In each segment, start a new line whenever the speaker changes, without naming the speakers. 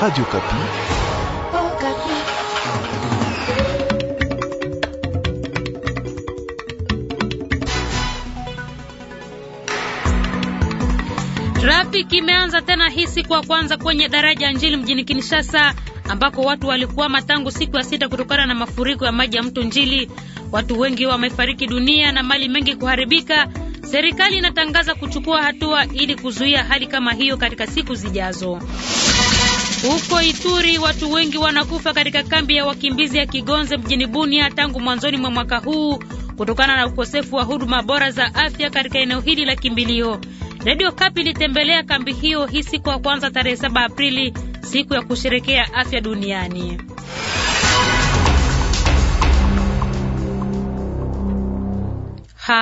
Radio Kapi. Oh,
Kapi.
Trafiki imeanza tena hii siku ya kwanza kwenye daraja Njili mjini Kinshasa ambako watu walikuwa tangu siku ya sita kutokana na mafuriko ya maji ya mto Njili. Watu wengi wamefariki dunia na mali mengi kuharibika. Serikali inatangaza kuchukua hatua ili kuzuia hali kama hiyo katika siku zijazo. Huko Ituri watu wengi wanakufa katika kambi ya wakimbizi ya Kigonze mjini Bunia tangu mwanzoni mwa mwaka huu kutokana na ukosefu wa huduma bora za afya katika eneo hili la kimbilio. Radio Kapi ilitembelea kambi hiyo hii siku ya kwanza tarehe 7 Aprili, siku ya kusherekea afya duniani.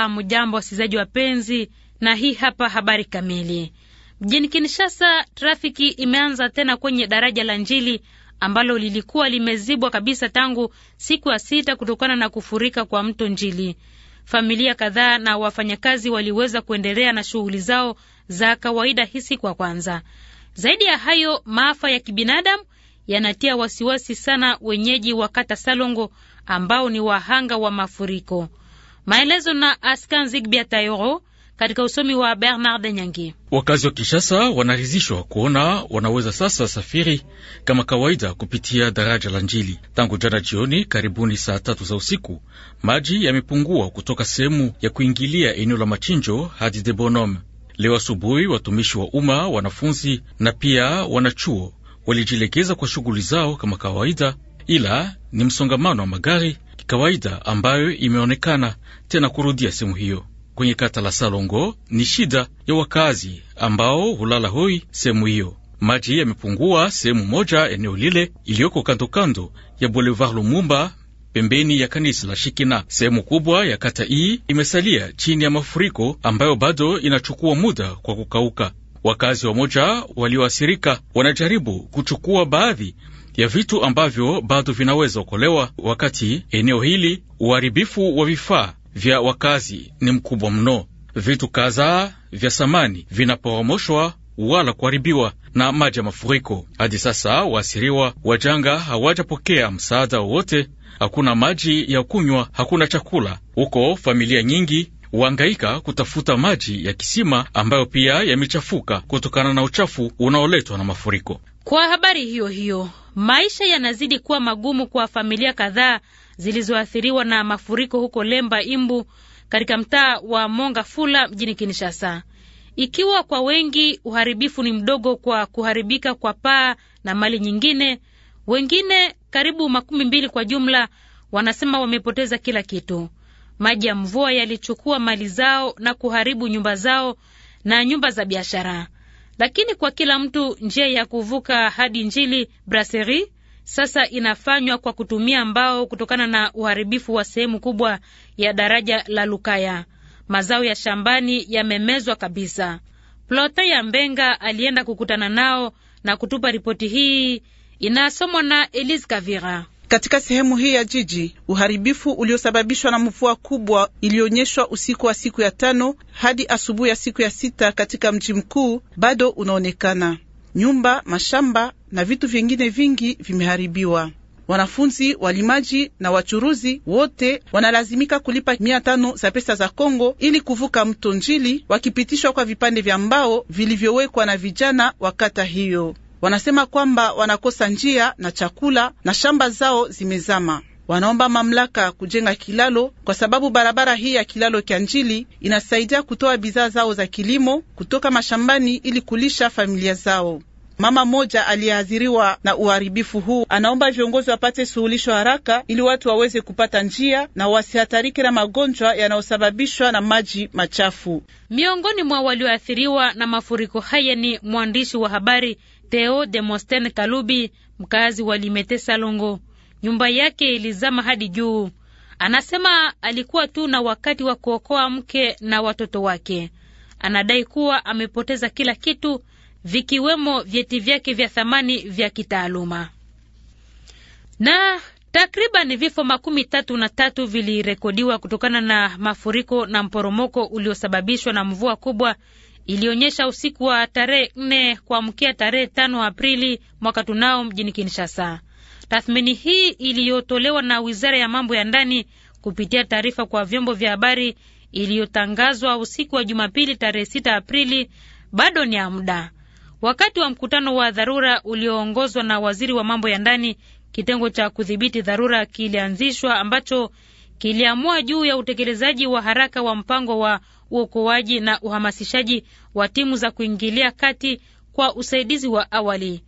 mjambo wasikilizaji wapenzi, na hii hapa habari kamili. Mjini Kinshasa, trafiki imeanza tena kwenye daraja la Njili ambalo lilikuwa limezibwa kabisa tangu siku ya sita kutokana na kufurika kwa mto Njili. Familia kadhaa na wafanyakazi waliweza kuendelea na shughuli zao za kawaida hii siku ya kwanza. Zaidi ya hayo, maafa ya kibinadamu yanatia wasiwasi sana wenyeji wa kata Salongo ambao ni wahanga wa mafuriko. Maelezo na Zigbia Tayoro katika usomi wa Bernard Nyangi.
Wakazi wa Kinshasa wanaridhishwa kuona wanaweza sasa safiri kama kawaida kupitia daraja la Njili. Tangu jana jioni karibuni saa tatu za usiku, maji yamepungua kutoka sehemu ya kuingilia eneo la machinjo hadi de Bonome. Leo asubuhi watumishi wa umma, wanafunzi na pia wanachuo walijielekeza kwa shughuli zao kama kawaida, ila ni msongamano wa magari kawaida ambayo imeonekana tena kurudia sehemu hiyo kwenye kata la Salongo ni shida ya wakazi ambao hulala hoi sehemu hiyo. Maji yamepungua sehemu moja eneo lile iliyoko kandokando ya Boulevard Lumumba pembeni ya kanisa la Shikina. Sehemu kubwa ya kata hii imesalia chini ya mafuriko ambayo bado inachukua muda kwa kukauka. Wakazi wamoja walioathirika wanajaribu kuchukua baadhi ya vitu ambavyo bado vinaweza okolewa, wakati eneo hili uharibifu wa vifaa vya wakazi ni mkubwa mno. Vitu kadhaa vya samani vinaporomoshwa wala kuharibiwa na maji ya mafuriko. Hadi sasa waasiriwa wa janga hawajapokea msaada wowote. Hakuna maji ya kunywa, hakuna chakula. Huko familia nyingi huangaika kutafuta maji ya kisima ambayo pia yamechafuka kutokana na uchafu unaoletwa na mafuriko.
Kwa habari hiyo hiyo, maisha yanazidi kuwa magumu kwa familia kadhaa zilizoathiriwa na mafuriko huko Lemba Imbu katika mtaa wa Monga Fula mjini Kinshasa. Ikiwa kwa wengi uharibifu ni mdogo kwa kuharibika kwa paa na mali nyingine, wengine karibu makumi mbili kwa jumla wanasema wamepoteza kila kitu. Maji ya mvua yalichukua mali zao na kuharibu nyumba zao na nyumba za biashara lakini kwa kila mtu njia ya kuvuka hadi Njili Brasserie sasa inafanywa kwa kutumia mbao kutokana na uharibifu wa sehemu kubwa ya daraja la Lukaya. Mazao ya shambani yamemezwa kabisa. Plota ya Mbenga alienda kukutana nao na kutupa ripoti hii, inasomwa na Elise Kavira.
Katika sehemu hii ya jiji, uharibifu uliosababishwa na mvua kubwa iliyoonyeshwa usiku wa siku ya tano hadi asubuhi ya siku ya sita katika mji mkuu bado unaonekana. Nyumba, mashamba na vitu vingine vingi vimeharibiwa. Wanafunzi, walimaji na wachuruzi wote wanalazimika kulipa mia tano za pesa za Kongo ili kuvuka mto Njili, wakipitishwa kwa vipande vya mbao vilivyowekwa na vijana wa kata hiyo. Wanasema kwamba wanakosa njia na chakula na shamba zao zimezama. Wanaomba mamlaka kujenga kilalo kwa sababu barabara hii ya kilalo kya Njili inasaidia kutoa bidhaa zao za kilimo kutoka mashambani ili kulisha familia zao. Mama mmoja aliyeathiriwa na uharibifu huu anaomba viongozi wapate suluhisho haraka ili watu waweze kupata njia na wasihatarike na magonjwa yanayosababishwa na maji machafu.
Miongoni mwa walioathiriwa na mafuriko haya ni mwandishi wa habari Theo mosten Kalubi, mkazi wa Limete Salongo. Nyumba yake ilizama hadi juu. Anasema alikuwa tu na wakati wa kuokoa mke na watoto wake. Anadai kuwa amepoteza kila kitu vikiwemo vyeti vyake vya thamani vya kitaaluma. Na takriban vifo makumi tatu na tatu vilirekodiwa kutokana na mafuriko na mporomoko uliosababishwa na mvua kubwa ilionyesha usiku wa tarehe 4 kuamkia tarehe 5 Aprili mwaka tunao mjini Kinshasa. Tathmini hii iliyotolewa na wizara ya mambo ya ndani kupitia taarifa kwa vyombo vya habari iliyotangazwa usiku wa Jumapili tarehe 6 Aprili bado ni ya muda, wakati wa mkutano wa dharura ulioongozwa na waziri wa mambo ya ndani. Kitengo cha kudhibiti dharura kilianzishwa ambacho kiliamua juu ya utekelezaji wa haraka wa mpango wa uokoaji na uhamasishaji wa timu za kuingilia kati kwa usaidizi wa awali.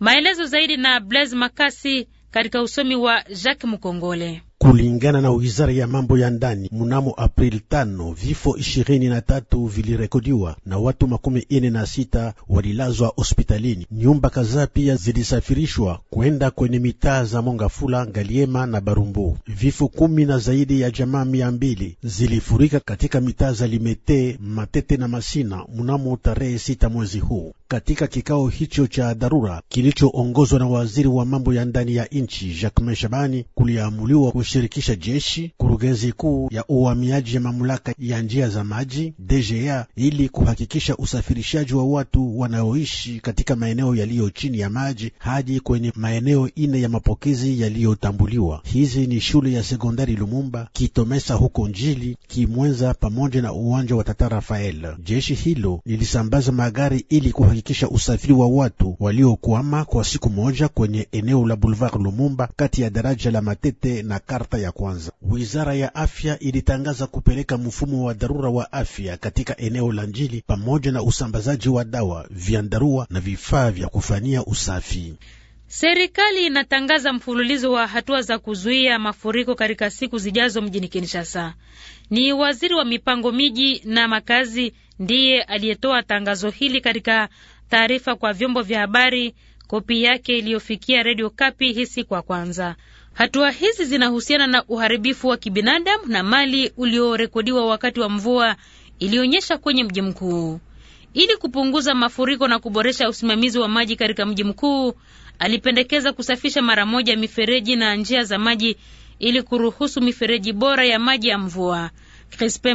Maelezo zaidi na Blaise Makasi katika usomi wa Jacques Mukongole.
Kulingana na wizara ya mambo ya ndani, mnamo Aprili tano vifo ishirini na tatu vilirekodiwa na watu makumi ine na sita walilazwa hospitalini. Nyumba kadhaa pia zilisafirishwa kwenda kwenye mitaa za Mongafula, Ngaliema na Barumbu. Vifo kumi na zaidi ya jamaa mia mbili zilifurika katika mitaa za Limete, Matete na Masina mnamo tarehe sita mwezi huu. Katika kikao hicho cha dharura kilichoongozwa na waziri wa mambo ya ndani ya nchi Jacques Shabani kuliamuliwa kushirikisha jeshi, kurugenzi kuu ya uhamiaji ya mamlaka ya njia za maji DGA, ili kuhakikisha usafirishaji wa watu wanaoishi katika maeneo yaliyo chini ya maji hadi kwenye maeneo ine ya mapokezi yaliyotambuliwa. Hizi ni shule ya sekondari Lumumba, Kitomesa huko Njili, Kimwenza pamoja na uwanja wa Tata Rafael. Jeshi hilo lilisambaza magari ili kuhakikisha usafiri wa watu waliokwama kwa siku moja kwenye eneo la Boulevard Lumumba kati ya daraja la Matete na karta ya kwanza. Wizara ya afya ilitangaza kupeleka mfumo wa dharura wa afya katika eneo la Njili pamoja na usambazaji wa dawa, vyandarua na vifaa vya kufanyia usafi.
Serikali inatangaza mfululizo wa hatua za kuzuia mafuriko katika siku zijazo mjini Kinshasa. Ni waziri wa mipango miji na makazi ndiye aliyetoa tangazo hili katika taarifa kwa vyombo vya habari, kopi yake iliyofikia redio Kapi hii siku ya kwanza. Hatua hizi zinahusiana na uharibifu wa kibinadamu na mali uliorekodiwa wakati wa mvua iliyonyesha kwenye mji mkuu. Ili kupunguza mafuriko na kuboresha usimamizi wa maji katika mji mkuu, alipendekeza kusafisha mara moja mifereji na njia za maji ili kuruhusu mifereji bora ya maji ya mvua. Crispe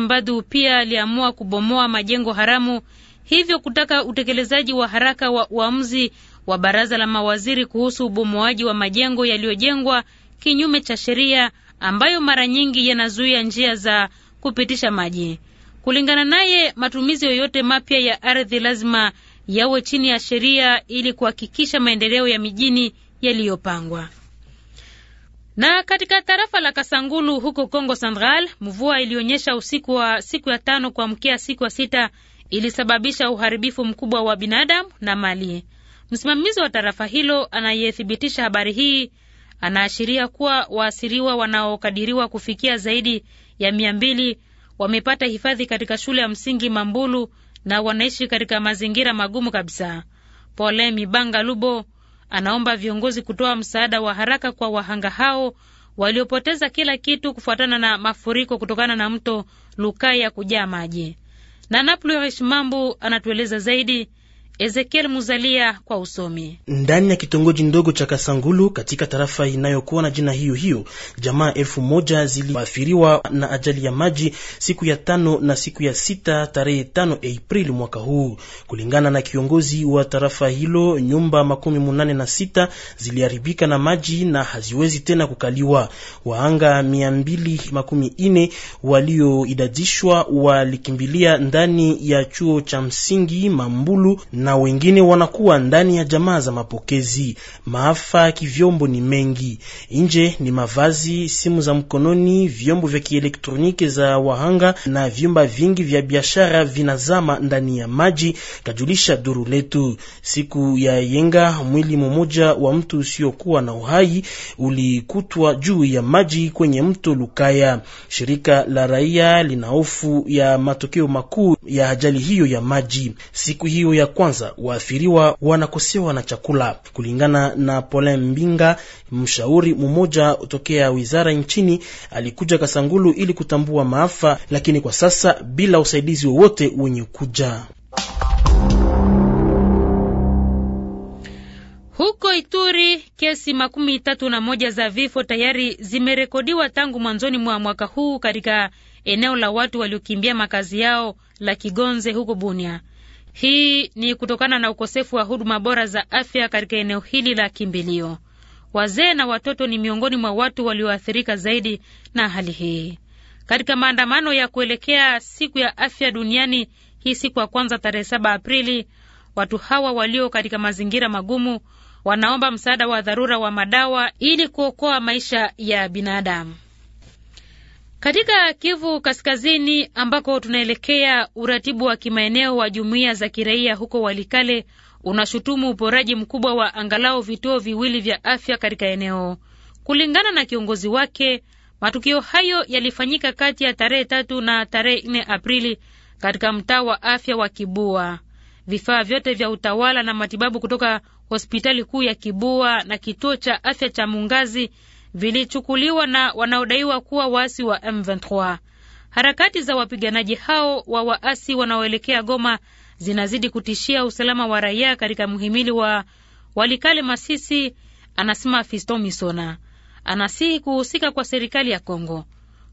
pia aliamua kubomoa majengo haramu, hivyo kutaka utekelezaji wa haraka wa uamuzi wa baraza la mawaziri kuhusu ubomoaji wa majengo yaliyojengwa kinyume cha sheria ambayo mara nyingi yanazuia njia za kupitisha maji. Kulingana naye, matumizi yoyote mapya ya ardhi lazima yawe chini ya sheria ili kuhakikisha maendeleo ya mijini yaliyopangwa. Na katika tarafa la Kasangulu huko Congo Central, mvua ilionyesha usiku wa siku ya tano kuamkia siku ya sita ilisababisha uharibifu mkubwa wa binadamu na mali. Msimamizi wa tarafa hilo anayethibitisha habari hii Anaashiria kuwa waasiriwa wanaokadiriwa kufikia zaidi ya mia mbili wamepata hifadhi katika shule ya msingi Mambulu na wanaishi katika mazingira magumu kabisa. Pole Mibanga Lubo anaomba viongozi kutoa msaada wa haraka kwa wahanga hao waliopoteza kila kitu kufuatana na mafuriko kutokana na mto Lukaya kujaa maji. Na Naplurish Mambu anatueleza zaidi. Ezekiel Muzalia kwa usomi.
Ndani ya kitongoji ndogo cha Kasangulu katika tarafa inayokuwa na jina hiyo hiyo, jamaa elfu moja ziliathiriwa na ajali ya maji siku ya tano na siku ya sita tarehe tano Aprili mwaka huu. Kulingana na kiongozi wa tarafa hilo, nyumba makumi munane na sita ziliharibika na maji na haziwezi tena kukaliwa. Waanga mia mbili makumi ine walioidadishwa walikimbilia ndani ya chuo cha msingi Mambulu na wengine wanakuwa ndani ya jamaa za mapokezi. Maafa ya kivyombo ni mengi, nje ni mavazi, simu za mkononi, vyombo vya kielektroniki za wahanga na vyumba vingi vya biashara vinazama ndani ya maji, kajulisha duru letu. Siku ya yenga, mwili mmoja wa mtu usiokuwa na uhai ulikutwa juu ya maji kwenye mto Lukaya. Shirika la raia lina hofu ya matokeo makuu ya ajali hiyo ya maji siku hiyo ya kwanza kwanza waathiriwa wanakosewa na chakula. Kulingana na Pole Mbinga, mshauri mmoja tokea wizara nchini, alikuja Kasangulu ili kutambua maafa, lakini kwa sasa bila usaidizi wowote wenye kuja
Huko Ituri kesi makumi tatu na moja za vifo tayari zimerekodiwa tangu mwanzoni mwa mwaka huu katika eneo la watu waliokimbia makazi yao la Kigonze huko Bunia. Hii ni kutokana na ukosefu wa huduma bora za afya katika eneo hili la kimbilio. Wazee na watoto ni miongoni mwa watu walioathirika zaidi na hali hii. Katika maandamano ya kuelekea siku ya afya duniani hii siku ya kwanza tarehe saba Aprili, watu hawa walio katika mazingira magumu wanaomba msaada wa dharura wa madawa ili kuokoa maisha ya binadamu. Katika Kivu Kaskazini ambako tunaelekea, uratibu wa kimaeneo wa jumuiya za kiraia huko Walikale unashutumu uporaji mkubwa wa angalau vituo viwili vya afya katika eneo. Kulingana na kiongozi wake, matukio hayo yalifanyika kati ya tarehe tatu na tarehe nne Aprili katika mtaa wa afya wa Kibua. Vifaa vyote vya utawala na matibabu kutoka hospitali kuu ya Kibua na kituo cha afya cha Mungazi vilichukuliwa na wanaodaiwa kuwa waasi wa M23. Harakati za wapiganaji hao wa waasi wanaoelekea Goma zinazidi kutishia usalama wa raia katika mhimili wa Walikale Masisi, anasema Fisto Misona. Anasihi kuhusika kwa serikali ya Kongo.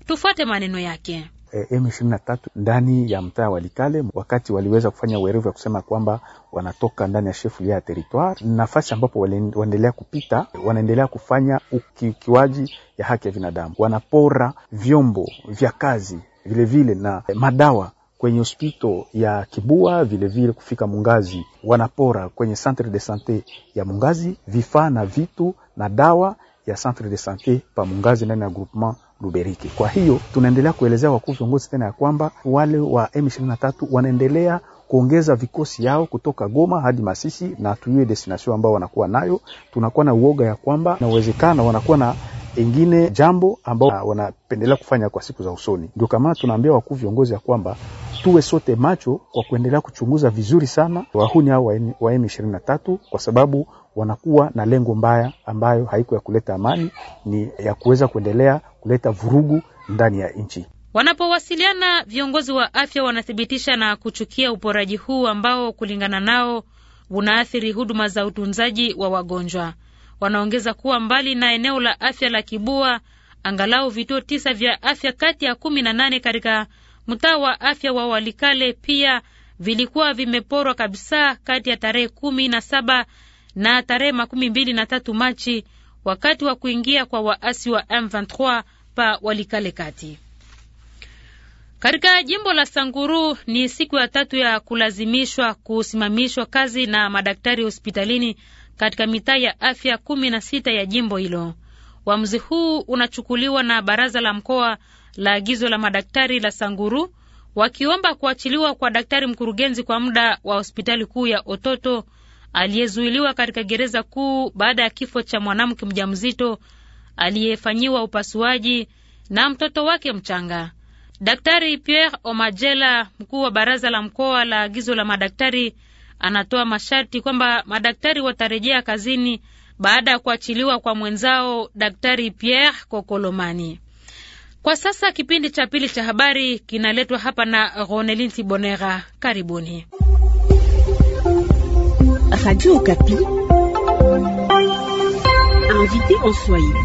Tufuate maneno yake
eh, M23 ndani ya mtaa wa Likale, wakati waliweza kufanya uherevu ya kusema kwamba wanatoka ndani ya shefu ya territoire, nafasi ambapo wanaendelea kupita, wanaendelea kufanya ukiukiwaji ya haki ya binadamu, wanapora vyombo vya kazi vilevile vile na madawa kwenye hospito ya Kibua vilevile vile kufika Mungazi, wanapora kwenye centre de sante ya Mungazi vifaa na vitu na dawa ya centre de sante pa Mungazi ndani ya groupement luberiki. Kwa hiyo tunaendelea kuelezea wakuu viongozi tena ya kwamba wale wa M23 wanaendelea kuongeza vikosi yao kutoka Goma hadi Masisi na tuyue destination ambao wanakuwa nayo. Tunakuwa na uoga ya kwamba inawezekana wanakuwa na ingine jambo ambao wanapendelea kufanya kwa siku za usoni. Ndio kama tunaambia wakuu viongozi ya kwamba tuwe sote macho kwa kuendelea kuchunguza vizuri sana wahuni hao wa M23 kwa sababu wanakuwa na lengo mbaya ambayo haiko ya kuleta amani, ni ya kuweza kuendelea kuleta vurugu ndani ya nchi.
Wanapowasiliana, viongozi wa afya wanathibitisha na kuchukia uporaji huu ambao kulingana nao unaathiri huduma za utunzaji wa wagonjwa. Wanaongeza kuwa mbali na eneo la afya la Kibua, angalau vituo tisa vya afya kati ya kumi na nane katika mtaa wa afya wa Walikale pia vilikuwa vimeporwa kabisa kati ya tarehe kumi na saba na tarehe makumi mbili na tatu Machi wakati wa kuingia kwa waasi wa M23 pa Walikale kati katika jimbo la Sanguru ni siku ya tatu ya kulazimishwa kusimamishwa kazi na madaktari hospitalini katika mitaa ya afya kumi na sita ya jimbo hilo. Uamuzi huu unachukuliwa na baraza la mkoa la agizo la madaktari la Sanguru, wakiomba kuachiliwa kwa daktari mkurugenzi kwa muda wa hospitali kuu ya Ototo aliyezuiliwa katika gereza kuu baada ya kifo cha mwanamke mjamzito aliyefanyiwa upasuaji na mtoto wake mchanga. Daktari Pierre Omajela, mkuu wa baraza la mkoa la agizo la madaktari, anatoa masharti kwamba madaktari watarejea kazini baada ya kuachiliwa kwa mwenzao Daktari Pierre Kokolomani. Kwa sasa kipindi cha pili cha habari kinaletwa hapa na Ronelin Tibonera. Karibuni.
Radio Okapi.
Invité en Swahili.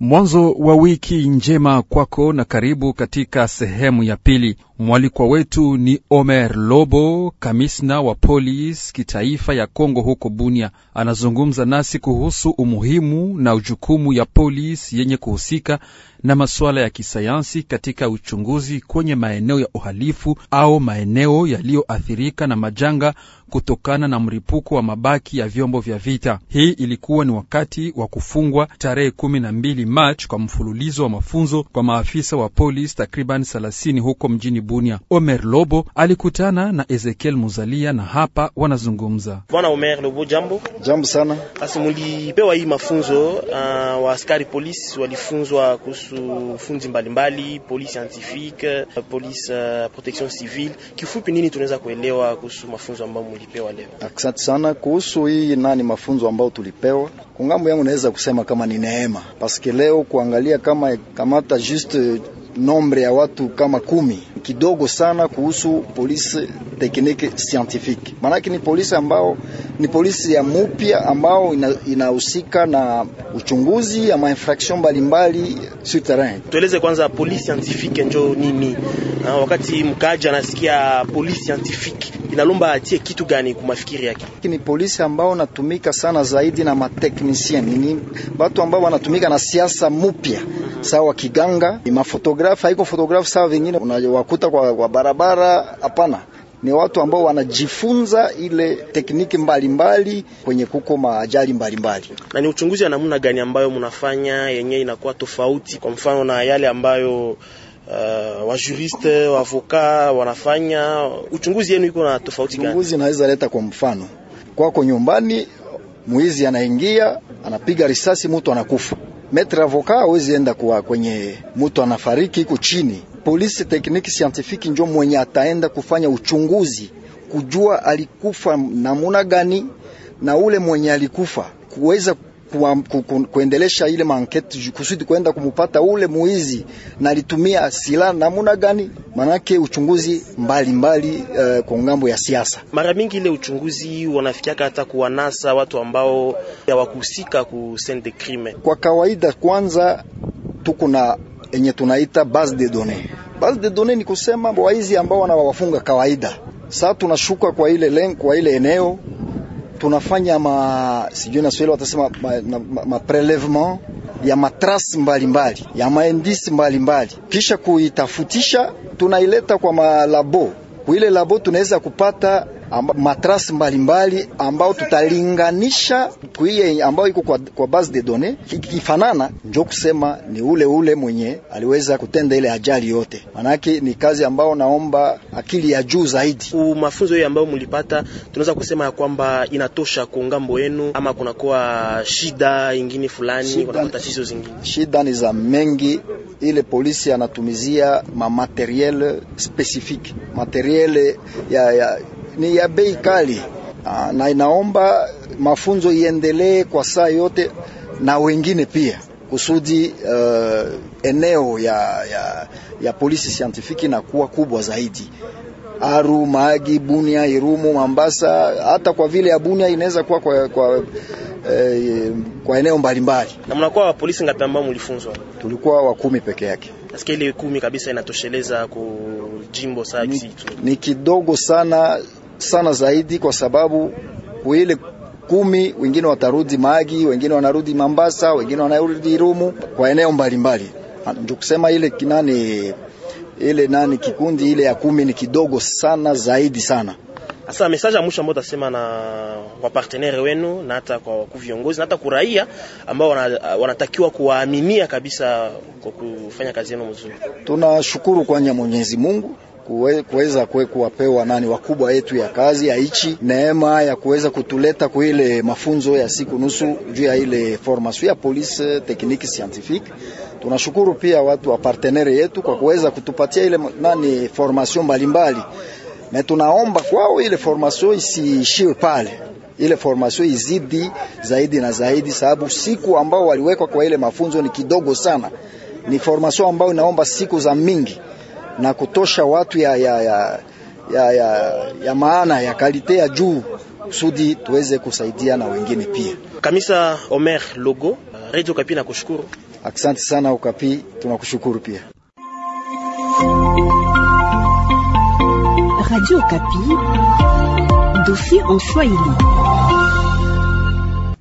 Mwanzo wa wiki njema kwako na karibu katika sehemu ya pili. Mwalikwa wetu ni Omer Lobo, kamishna wa polisi kitaifa ya Kongo huko Bunia. Anazungumza nasi kuhusu umuhimu na ujukumu ya polisi yenye kuhusika na masuala ya kisayansi katika uchunguzi kwenye maeneo ya uhalifu au maeneo yaliyoathirika na majanga kutokana na mlipuko wa mabaki ya vyombo vya vita. Hii ilikuwa ni wakati wa kufungwa tarehe 12 Machi kwa mfululizo wa mafunzo kwa maafisa wa polisi takriban 30 huko mjini Bunia. Bunia. Omer Lobo alikutana na Ezekiel Muzalia na hapa wanazungumza.
Bwana Omer Lobo, jambo. Jambo sana. Asi mulipewa hii mafunzo uh, wa askari polisi walifunzwa kuhusu funzi mbalimbali, polisi scientifique, polisi uh, ah, protection civile. Kifupi nini tunaweza kuelewa kuhusu mafunzo ambayo mulipewa leo?
Asante sana kuhusu hii nani mafunzo ambayo tulipewa. Kungambo yangu naweza kusema kama ni neema. Paske leo kuangalia kama kamata juste nombre ya watu kama kumi kidogo sana kuhusu polisi tekniki scientifique, maanake ni polisi ambao ni polisi ya mupya ambao inahusika ina na uchunguzi ya mainfraction mbalimbali sur terrain.
Tueleze kwanza polisi scientifique njo nini? Ah, wakati mkaja anasikia polisi scientifique inalomba atie kitu gani kumafikiri yake.
Ni polisi ambao natumika sana zaidi na mateknisien, ni watu ambao wanatumika na siasa mupya sawa kiganga, mafotografi haiko fotografi sawa, vingine unawakuta kwa, kwa barabara hapana ni watu ambao wanajifunza ile tekniki mbalimbali mbali, kwenye kuko maajali mbalimbali.
Na ni uchunguzi wa namna gani ambayo mnafanya yenyewe inakuwa tofauti, kwa mfano na yale ambayo Uh, wajuriste wavoka wanafanya uchunguzi yenu iko na tofauti gani?
Uchunguzi naweza leta kwa mfano kwako nyumbani, mwizi anaingia anapiga risasi, mtu anakufa. Metre avoka hawezi enda kwa kwenye mtu anafariki iko chini. Polisi tekniki scientifique njo mwenye ataenda kufanya uchunguzi kujua alikufa namuna gani na ule mwenye alikufa kuweza kuwa, ku, ku, kuendelesha ile mankete kusudi kwenda kumupata ule muizi na alitumia silaha namuna gani, manake uchunguzi mbalimbali uh, eh, kwa ngambo ya siasa.
Mara mingi ile uchunguzi wanafikiaka hata kuwanasa watu ambao hawakuhusika ku scene de crime.
Kwa kawaida, kwanza tuko na enye tunaita base de données. Base de données ni kusema waizi ambao wanawafunga kawaida, sasa tunashuka kwa ile lengo, kwa ile eneo tunafanya ma sijui na Swahili watasema maprelevement ma, ma, ma ya matrasi mbalimbali ya maendisi mbalimbali mbali. Kisha kuitafutisha tunaileta kwa malabo, kuile labo tunaweza kupata amba, matrasi mbalimbali ambao tutalinganisha kuiye ambao iko kwa, kwa base de données ikifanana, njo kusema ni ule ule mwenye aliweza kutenda ile ajali yote. Manake ni kazi ambao naomba akili ya juu zaidi.
Mafunzo hiyo ambayo mlipata, tunaweza kusema ya kwamba inatosha kwa ngambo yenu, ama kunakuwa shida ingine fulani, kuna tatizo zingine?
Shida ni za mengi. Ile polisi anatumizia ma materiel specifique materiel ya, ya ni ya bei kali ah, na inaomba mafunzo iendelee kwa saa yote na wengine pia kusudi uh, eneo ya, ya, ya polisi sientifiki na kuwa kubwa zaidi. Aru, magi Bunia, Irumu, Mambasa, hata kwa vile ya Bunia inaweza kuwa kwa, kwa, eh, kwa eneo mbalimbali.
Na mnakuwa wa polisi ngapi ambao mlifunzwa?
Tulikuwa wa kumi peke yake.
Nasikia kumi kabisa inatosheleza kujimbo saa ni,
ni kidogo sana sana zaidi, kwa sababu kuile kumi wengine watarudi Magi, wengine wanarudi Mambasa, wengine wanarudi Rumu kwa eneo mbalimbali. Ah, ndio kusema ile kinani ile nani kikundi ile ya kumi ni kidogo sana zaidi sana.
Asa message mwisho ambao utasema na kwa partenaire wenu na hata kwa viongozi na hata kuraia ambao wana, wanatakiwa kuwaaminia kabisa kwa kufanya kazi yenu mzuri.
Tunashukuru kwa Mwenyezi Mungu kuweza kuwapewa nani wakubwa yetu ya kazi ya ichi neema ya kuweza kutuleta kwa ile mafunzo ya siku nusu juu ya ile formation ya police technique scientifique. Tunashukuru pia watu wa partenere yetu kwa kuweza kutupatia ile nani formation mbalimbali, na tunaomba kwao ile formation isiishie pale ile formation izidi zaidi na zaidi, sababu siku ambao waliwekwa kwa ile mafunzo ni kidogo sana. Ni formation ambayo inaomba siku za mingi, na kutosha watu ya, ya, ya, ya, ya, ya maana ya kalite ya juu kusudi tuweze kusaidia na wengine pia.
Kamisa Omer Logo, Radio Okapi kushukuru
Asante sana ukapi tunakushukuru pia.
Radio Okapi, dofi en Swahili.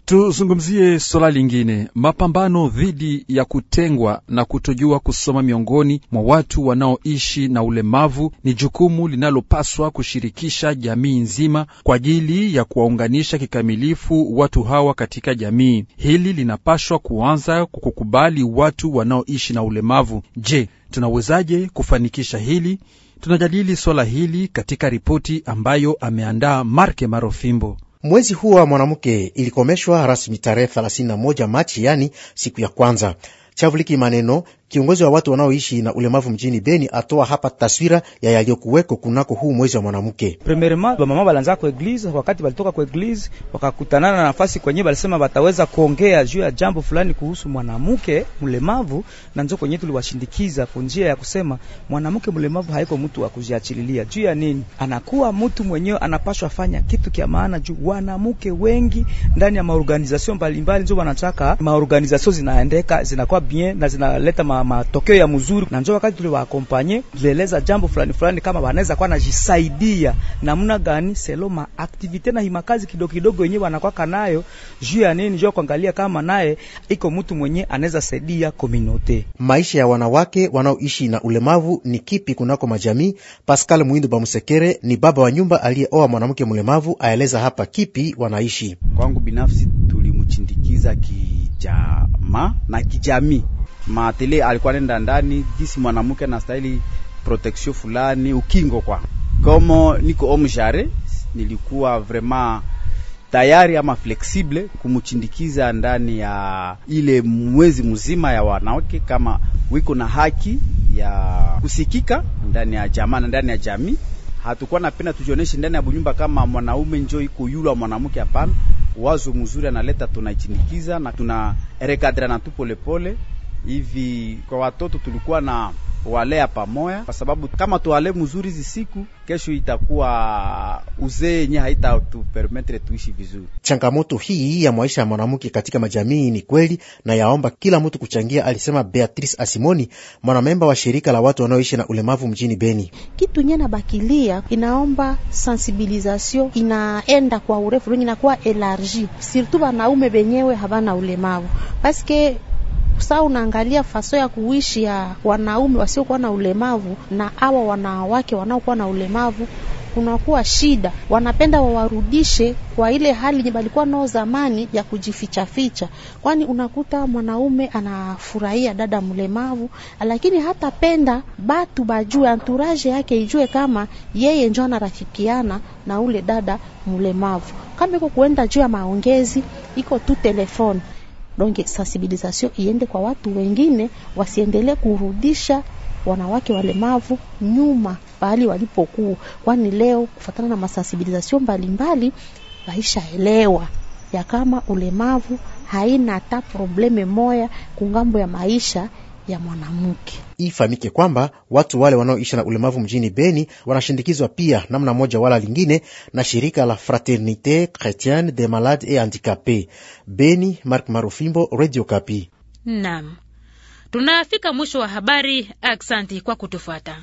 Tuzungumzie swala lingine, mapambano dhidi ya kutengwa na kutojua kusoma miongoni mwa watu wanaoishi na ulemavu ni jukumu linalopaswa kushirikisha jamii nzima kwa ajili ya kuwaunganisha kikamilifu watu hawa katika jamii. Hili linapaswa kuanza kwa kukubali watu wanaoishi na ulemavu. Je, tunawezaje kufanikisha hili? Tunajadili swala hili katika ripoti ambayo ameandaa Marke Marofimbo. Mwezi huu wa mwanamke ilikomeshwa
rasmi tarehe 31 Machi, yani siku ya kwanza. Chavuliki maneno Kiongozi wa watu wanaoishi na ulemavu mjini Beni atoa hapa taswira ya yaliyokuweko kunako huu mwezi wa mwanamke.
Premierement bamama balanza kwa eglise, wakati balitoka kwa eglise wakakutanana na nafasi kwenye balisema bataweza kuongea juu ya jambo fulani kuhusu mwanamke mlemavu, na nzo kwenye tuliwashindikiza kwa njia ya kusema mwanamke mlemavu haiko mtu wa kujiachililia juu ya nini, anakuwa mtu mwenyewe anapaswa fanya kitu kia maana juu wanamke wengi ndani ya maorganizasio mbalimbali nzo wanataka maorganizasio zinaendeka zinakuwa bien na zinaleta ma matokeo ya mzuri, na njoo wakati tuliwaakompanye tulieleza jambo fulani fulani, kama wanaweza kuwa najisaidia namna gani selo ma activite na himakazi kidogo kidogo yenyewe wanakwaka nayo
juu ya nini, juu kuangalia kama naye
iko mtu mwenye anaweza saidia kominote.
Maisha ya wanawake wanaoishi na ulemavu ni kipi kunako majamii? Pascal Muindo Bamusekere ni baba wa nyumba aliyeoa mwanamke mlemavu, aeleza hapa kipi wanaishi. Kwangu binafsi
tulimchindikiza kijamaa na kijamii maatele alikuwa nenda ndani jisi mwanamke anastahili protection fulani ukingo kwa komo niko omjare nilikuwa vraiment tayari ama flexible kumuchindikiza ndani ya ile mwezi mzima ya wanawake, kama wiko na haki ya kusikika ndani ya jamaa na ndani ya jamii. Hatukuwa napenda tujioneshe ndani ya bunyumba kama mwanaume njo iko yula mwanamke, hapana. Wazo mzuri analeta, tunachindikiza na tuna rekadra na tu polepole hivi kwa watoto tulikuwa na walea pamoya, kwa sababu kama tuale mzuri hizi siku, kesho itakuwa uzee yenye haitatupermetre tuishi vizuri.
Changamoto hii ya maisha ya mwanamke katika majamii ni kweli na yaomba kila mtu kuchangia, alisema Beatrice Asimoni, mwanamemba wa shirika la watu wanaoishi na ulemavu mjini Beni.
Kitu nye na bakilia inaomba sensibilizasio inaenda kwa urefu wengi, inakuwa elargi surtout wanaume benyewe habana ulemavu paske saa unaangalia faso ya kuishi ya wanaume wasiokuwa na ulemavu na awa wanawake wanaokuwa na ulemavu kunakuwa shida, wanapenda wawarudishe kwa ile hali yenye balikuwa nao zamani ya kujifichaficha, kwani unakuta mwanaume anafurahia dada mlemavu, lakini hatapenda batu bajue, anturaje yake ijue kama yeye njo anarafikiana na ule dada mlemavu. Kama iko kuenda juu ya maongezi, iko tu telefoni donc sensibilisation iende kwa watu wengine, wasiendelee kurudisha wanawake walemavu nyuma pahali walipokuwa, kwani leo kufatana na masensibilisation mbalimbali waishaelewa ya kama ulemavu haina hata probleme moya kungambo ya maisha ya
mwanamke. Ifahamike kwamba watu wale wanaoishi na ulemavu mjini Beni wanashindikizwa pia namna moja wala lingine na shirika la Fraternite Chretienne de Malades et Handicapes Beni. Mark Marufimbo, Radio Kapi.
Naam, tunafika mwisho wa habari. Aksanti kwa kutufuata.